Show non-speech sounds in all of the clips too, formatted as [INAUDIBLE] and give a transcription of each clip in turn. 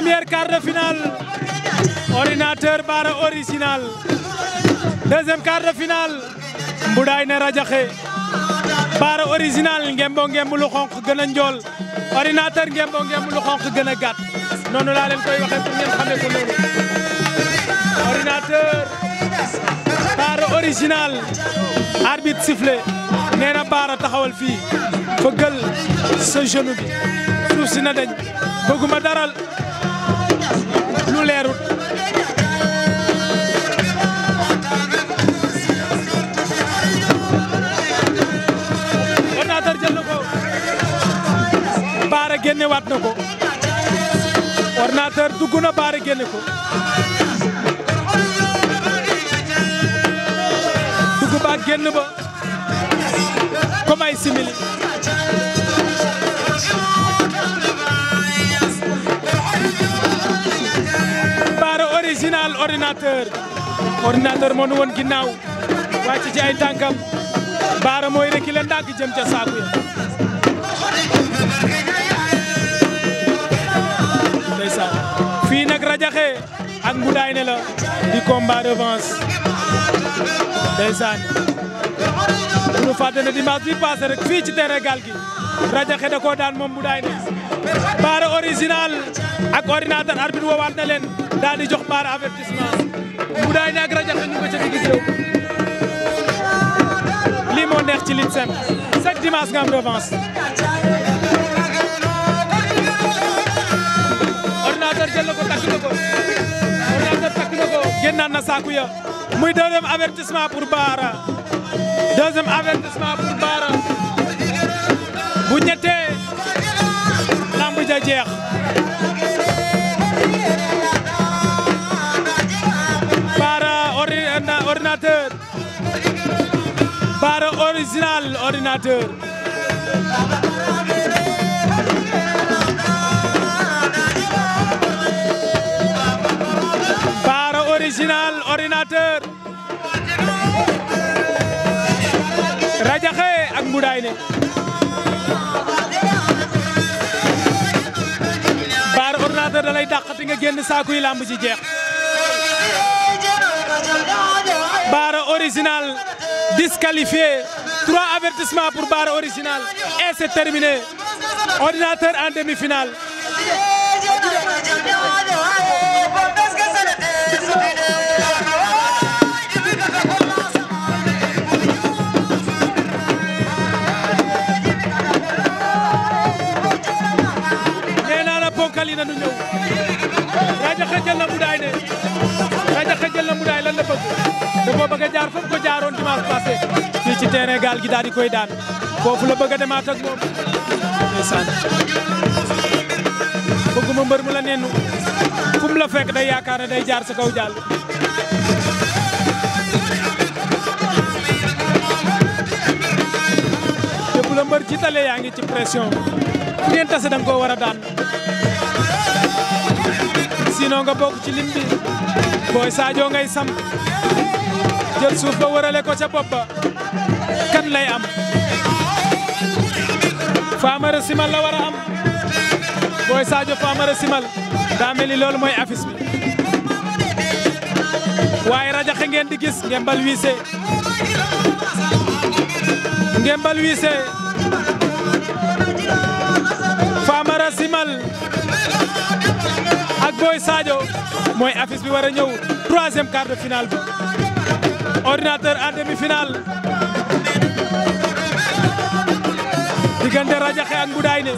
première quart de finale ordinateur bara original deuxième quart de finale Mboudaay ne xonq gën a njool ordinateur ngembo ngemb xonq gën a gàtt noonu laa leen koy waxee pour ngeen xamee ko noonu ordinateur bara original arbitre sifflé nee na bara taxawal fii fëggal sa bi suuf si na dañ bëgguma daral génnewaat na ko ordinateur dugg na baare génne ko dugg ba génn ba comme ay simili baare original ordinateur ordinateur moo nu woon ginnaaw wàcc ay tànkam baare mooy rekile ndànk jëm ca saaku ya ndeysaan fii nag rajaxe ak mbudaay ne la di combat revanche ndeysaan bu ñu ne dimanche bi passé rek fii ci terrain gaal rajaxe da koo daan moom mbudaay ne baara original ak ordinateur arbitre woowaat na leen daal di jox baara avertissement mbudaay ne ak rajaxe ñu ko ca digg géew lii moo neex ci lim sem chaque dimanche nga Bakuya muy deuxième avertissement pour Baara deuxième avertissement pour Baara bu ñettee lamb jeex Baara ordinateur Baara bar baar ordinateur da nga génn saakuy làmb ji jeex baara original disqualifié trois avertissements pour baara original et c'est terminé ordinateur en demi-finale kali na nu ñëw raja xëjël na Mboudaye de raja xëjël na a jaar foofu ko gi daal di koy daan foofu la bëgg a demaat ak moom ndeysaan bëgguma mu la day yaakaar ne day jaar sa kaw jàll te bu la mbër ci tale yaa ngi ci pression bu ngeen tase da war a daan sinon nga bokk ci lim bi booy Sadio ngay samp jël suuf ba wërale ko ca bopp kan lay am Famara Simal la war a am booy Sadio Famara Simal daa mel ni mooy affiche bi waaye rajaxe ngeen di gis ngembal wiise ngembal wiise Boy Sadio mooy affiche bi war a ñëw troisième quart de finale bi ordinateur en demi-finale diggante Radiakhé ak Mboudaayné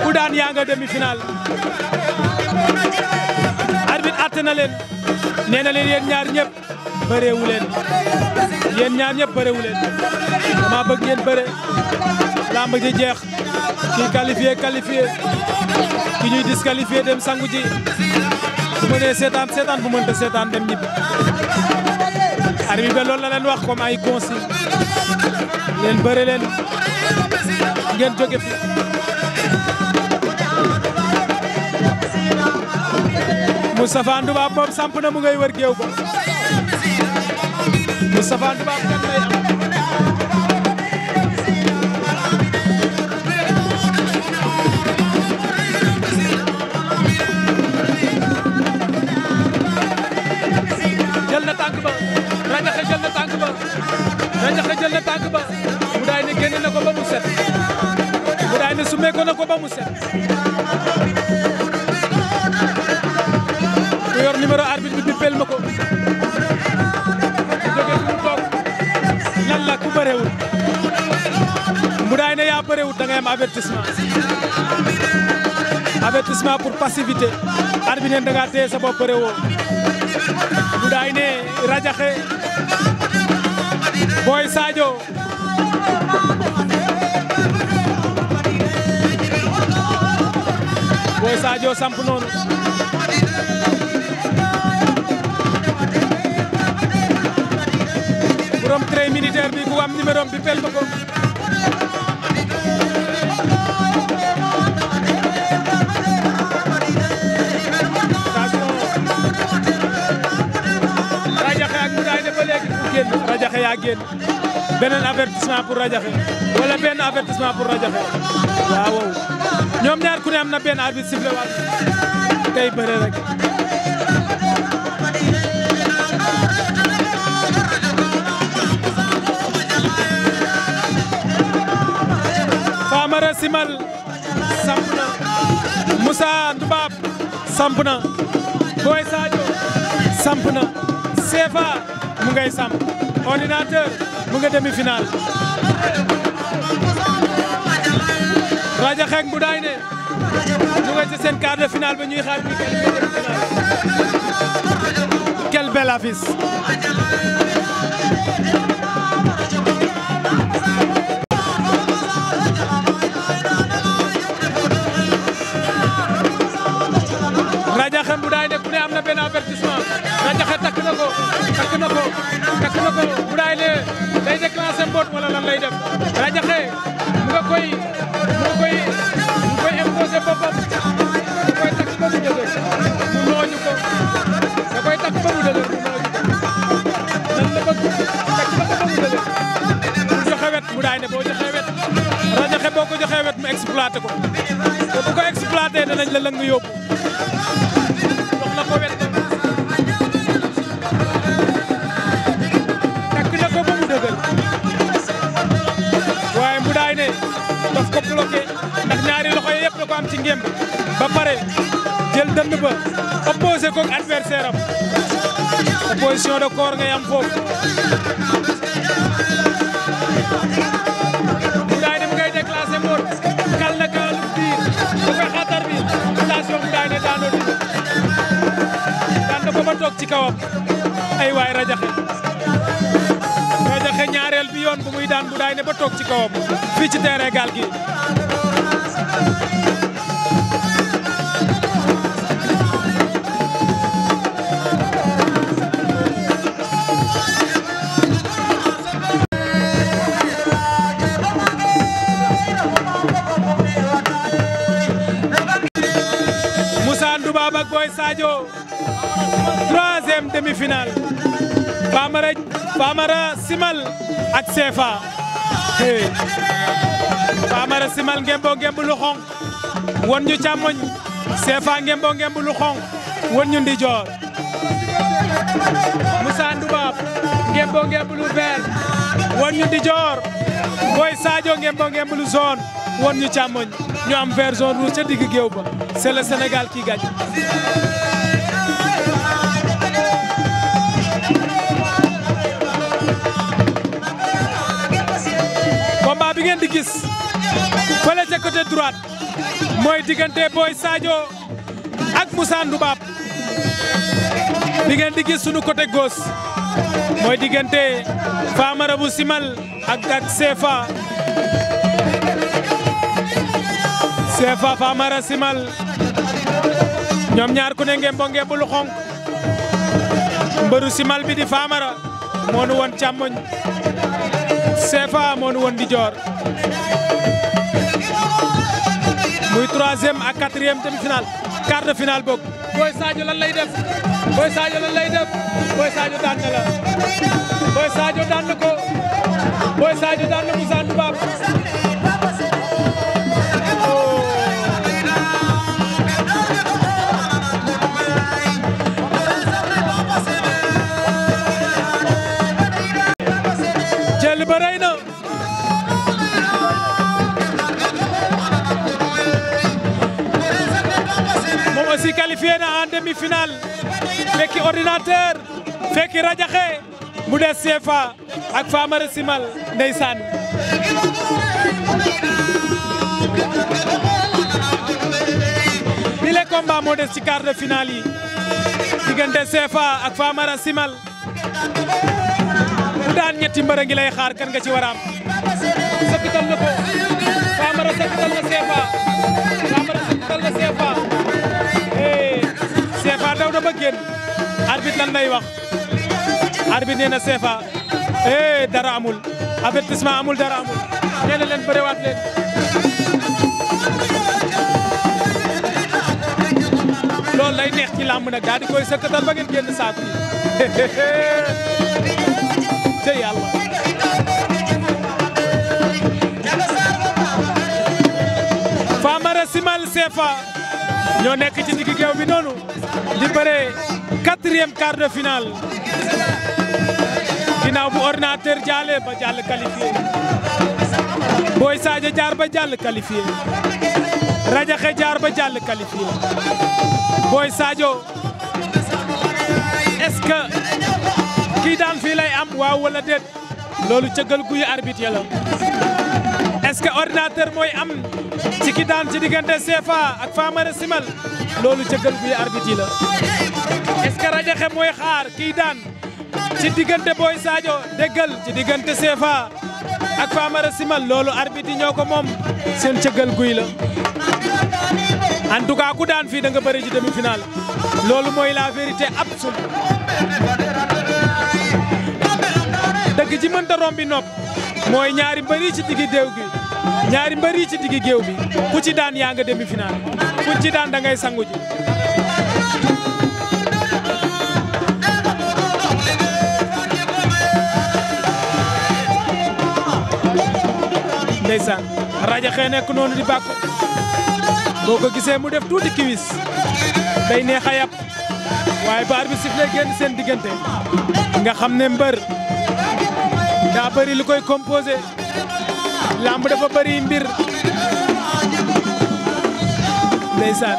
Mboudaane yaa nga demi-finale arbitre àtte na leen nee na leen yéen ñaar ñëpp bëreewu leen yéen ñaar ñëpp bëreewu leen dama bëgg ngeen bëre jeex kii qualifié qualifié ki ñuy disqualifié dem sangu ji bu mënee seetaan seetaan bu mënta seetaan dem ñibbi arbitre bi loolu la leen wax comme ay consi leen bëre ngeen jóge fi Moustapha Ndouba Pom samp na mu ngay wër géew ba jël na tànk ba Randiakhé jël na tànk ba Mbudaay ne génne ko ba mu set Mbudaay ne sumee ko na ko ba mu set ku yor numéro arbitre bi bi ma ko jóge fi mu toog lan la ku bërewul Mbudaay ne yaa bërewul da ngay am avertissement avertissement pour passivité arbitre ne da ngaa téye sa bopp bërewoo Mbudaay ne Randiakhé Boy Sadio Boy Sadio samp noonu borom train militaire bi ku am numéro bi pel ko Ndiéne beneen avertissement pour Radiakhé wala benn avertissement pour Radiakhé waaw ñoom ñaar ku ne am na benn arbitre sifflé waat tey bëre rek. Famara Simal samp na Moussa Ndoubab samp na Boy Sadio mu ngay samp. ordinateur mu nga demi final Radiakhé ak Mboudaye ñu ngi ci seen quart de finale ba ñuy ana lan lay def Bara Jaxate mu nga koy mu nga koy mu koy koy takk ba mu dëgër mu nooñu ko da koy takk ba mu dëgër mu nooñu ko nan la takk ba mu dëgër mu joxe wet mu daay boo joxee wet Bara boo ko joxee wet mu exploité ko te ko exploité danañ la lëng yóbbu ba opposé koog adversaire am opposition de corps ngay am foofu. Mbaye dem ngay déclassé Mor kal na kaalu biir bu fekk xatar bi station Mbaye ne daanoo di daan na ba toog ci kawam ay waay rajaxe rajaxe ñaareel bi yoon bu muy daan bu daay ne ba toog ci kawam fii ci terrain gaal gi. Ousmane Dubaab ak Boy Sadio troisième demi-finale Famara Famara Simal ak CFA Famara Simal ngembo ngemb lu won ñu càmmoñ CFA ngembo ngemb lu won ñu ndijoor Moussa Ndoubab ngembo ngemb lu won ñu ndijoor Boy Sadio ngembo ngemb lu won ñu càmmoñ ñu am vert jaune rouge ca digg géew ba c'est le Sénégal qui gagne. combat bi ngeen di gis fële ca côté droite mooy diggante Boy Sadio ak Moussa Ndoubab bi ngeen di gis sunu côté gauche mooy diggante Famara bu Simal ak ak Sefa. CFA Famara Simal ñoom ñaar ku ne ngeen bongee bulu xonk mbëru Simal bi di Famara moo nu woon càmmoñ CFA moo di joor muy troisième ak quatrième demi-finale quart de finale boog. Boy lan lay def Boy Sadio lan lay def Boy Sadio daan la ko Boy Sadio daan na Moussa Ndoubab. qualifié na en demi-finale fekki ordinateur fekki rajaxe mu des CFA ak Famara Simal ndeysaan bi le combat moo des ci quart de finale yi diggante CFA ak Famara Simal bu daan ñetti mbër a xaar kan nga ci waraam sëkkital na ko Famara génn arbitre lan lay wax arbitre nee na eh, avertissement amul dara amul nee na leen bëriwaat leen. loolu [LAUGHS] ñoo nekk ci digg géew bi noonu di bëre quatrième quart de bu ordinateur jàllee ba jàll qualifié Boy Sadio jaar ba jàll qualifié Radiakhé jaar ba jàll qualifié Boy Sadio est-ce que kii daan fii am waaw wala déet loolu cëggal guyu arbitre la est-ce que ordinateur mooy am ci ki ci diggante CFA ak Famara Simal loolu jëgal guy arbitre yi la est-ce mooy xaar kii daan ci diggante Boy Sadio déggal ci diggante CFA ak Famara Simal loolu arbitre ñoo ko moom seen cëgal guy la en tout cas ku daan fii da nga bëri ci demi-finale loolu mooy la vérité absolue dëgg ji mënta rombi nopp mooy ñaari mbëri ci diggi gi ñaari mbër yi ci diggi géew bi ku ci daan yaa nga demi final ku ci daan dangay ngay sangu ji ndeysaan rajaxe nekk noonu di bàkk boo gisee mu def tuuti kiwis day neex a yàpp waaye ba arbitre sifflé seen diggante nga xam ne mbër daa bëri lu koy composé lamb dafa bëri mbir ndeysaan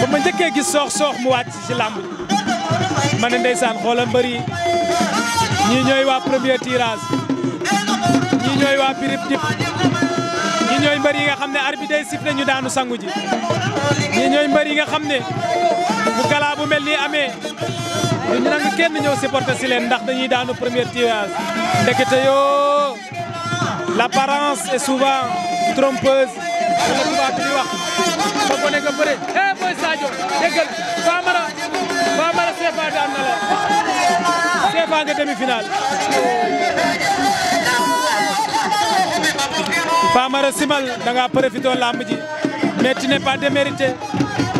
ba ma njëkkee gis soox soox mu wàcc ci lamb ma ne ndeysaan xoolal mbëri ñii waa premier tirage ñii waa pirip dip ñii ñooy yi nga xam ne arbitre day sifflé ñu daanu sangu ji ñii nga xam ne bu galaa bu mel nii amee ñu nangu kenn ñëw supporter si ndax dañuy daanu premier tirage ndekete yoo l'apparence est souvent trompeuse wala tubaab bi di wax ba ko nekk bëre eh mooy Sadio déggal Famara Famara la CFA nga simal da ngaa profité lamb ji mais tu n'es